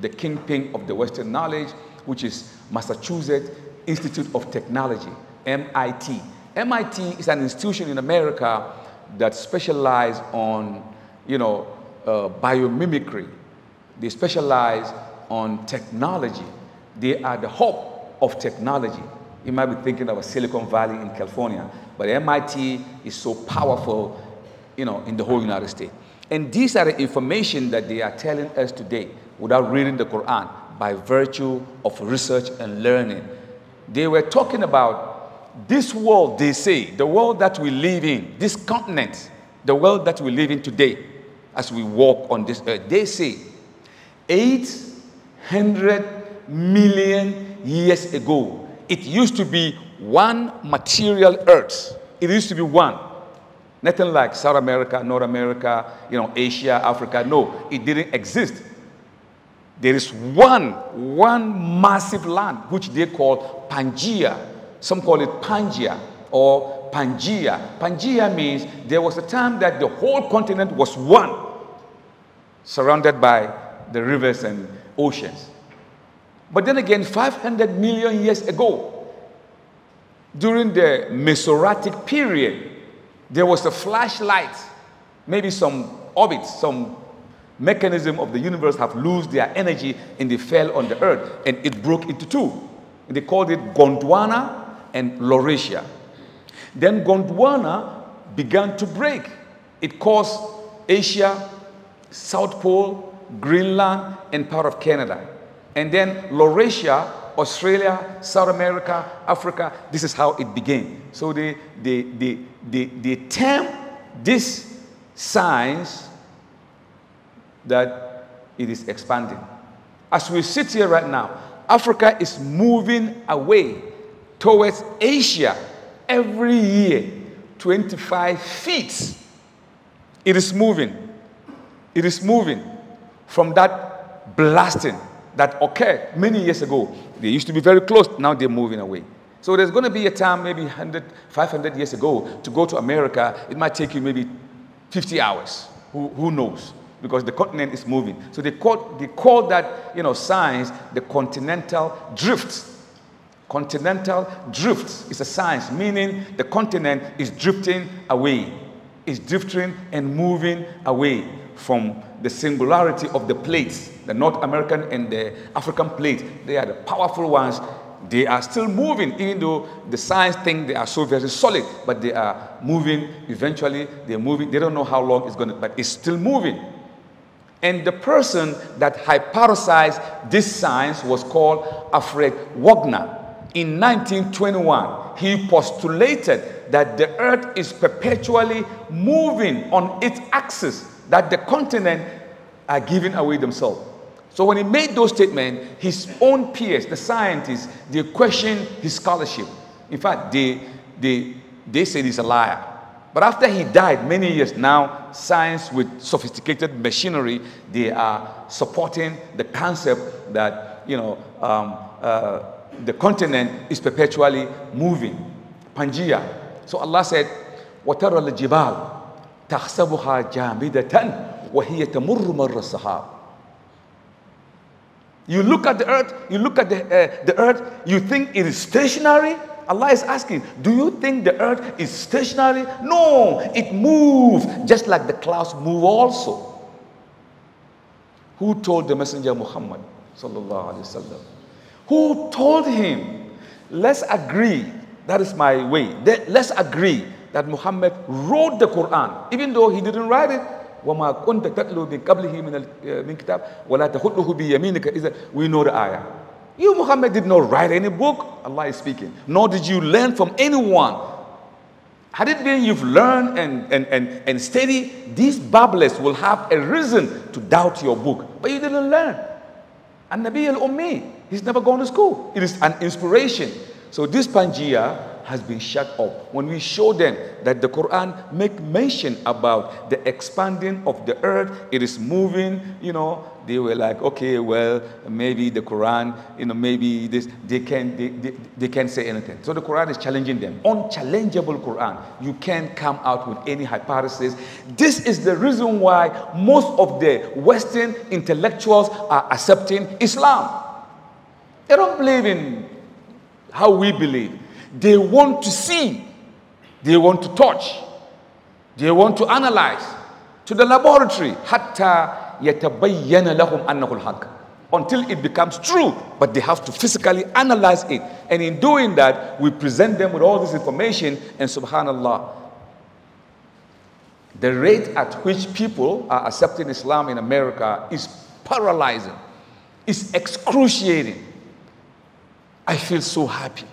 the kingpin of the Western knowledge, which is Massachusetts Institute of Technology, MIT. MIT is an institution in America that specializes on, you know, uh, biomimicry. They specialize on technology. They are the hope of technology. You might be thinking of a Silicon Valley in California, but MIT is so powerful, you know, in the whole United States. And these are the information that they are telling us today without reading the Quran by virtue of research and learning. They were talking about this world, they say, the world that we live in, this continent, the world that we live in today as we walk on this earth. They say 800 million years ago, it used to be one material earth. It used to be one. Nothing like South America, North America, you know, Asia, Africa. No, it didn't exist. There is one, one massive land which they call Pangaea. Some call it Pangaea or Pangaea. Pangaea means there was a time that the whole continent was one, surrounded by the rivers and oceans. But then again, 500 million years ago, during the Mesoratic period, there was a flashlight, maybe some orbit, some mechanism of the universe have lost their energy and they fell on the earth and it broke into two. They called it Gondwana and Laurasia. Then Gondwana began to break. It caused Asia, South Pole, Greenland, and part of Canada. And then Laurasia, Australia, South America, Africa, this is how it began. So they, they, they, they, they term this science that it is expanding. As we sit here right now, Africa is moving away towards Asia every year, 25 feet. It is moving. It is moving from that blasting that occurred many years ago. They used to be very close, now they're moving away. So there's going to be a time, maybe 100, 500 years ago, to go to America, it might take you maybe 50 hours. Who, who knows? because the continent is moving. So they call, they call that, you know, science the continental drift. Continental drift is a science, meaning the continent is drifting away, is drifting and moving away from the singularity of the plates, the North American and the African plate. They are the powerful ones. They are still moving, even though the science think they are so very solid, but they are moving. Eventually, they're moving. They don't know how long it's going to, but it's still moving. And the person that hypothesized this science was called Alfred Wagner. In 1921, he postulated that the earth is perpetually moving on its axis, that the continent are giving away themselves. So when he made those statements, his own peers, the scientists, they questioned his scholarship. In fact, they, they, they said he's a liar. But after he died, many years now, science with sophisticated machinery, they are supporting the concept that, you know, um, uh, the continent is perpetually moving. Pangea. So Allah said, وَتَرَى الْجِبَالِ تَخْسَبُهَا جَامِدَةً وَهِيَ تَمُرُّ مَرَّ السَّحَابِ You look at the earth, you look at the, uh, the earth, you think it is stationary, Allah is asking, do you think the earth is stationary? No, it moves just like the clouds move also. Who told the messenger Muhammad sallallahu alaihi wasallam? Who told him, let's agree, that is my way. Let's agree that Muhammad wrote the Quran, even though he didn't write it. We know the ayah. You, Muhammad, did not write any book, Allah is speaking, nor did you learn from anyone. Had it been you've learned and, and, and, and these babblers will have a reason to doubt your book. But you didn't learn. And Nabi al-Ummi, he's never gone to school. It is an inspiration. So this Pangea has been shut up. When we show them that the Quran make mention about the expanding of the earth, it is moving, you know, they were like, okay, well, maybe the Quran, you know, maybe this, they can, they, they, they can't say anything. So the Quran is challenging them. Unchallengeable Quran. You can't come out with any hypothesis. This is the reason why most of the Western intellectuals are accepting Islam. They don't believe in how we believe. They want to see, they want to touch, they want to analyze to the laboratory. Hatta lahum Until it becomes true, but they have to physically analyze it. And in doing that, we present them with all this information, and subhanAllah, the rate at which people are accepting Islam in America is paralyzing, it's excruciating. I feel so happy.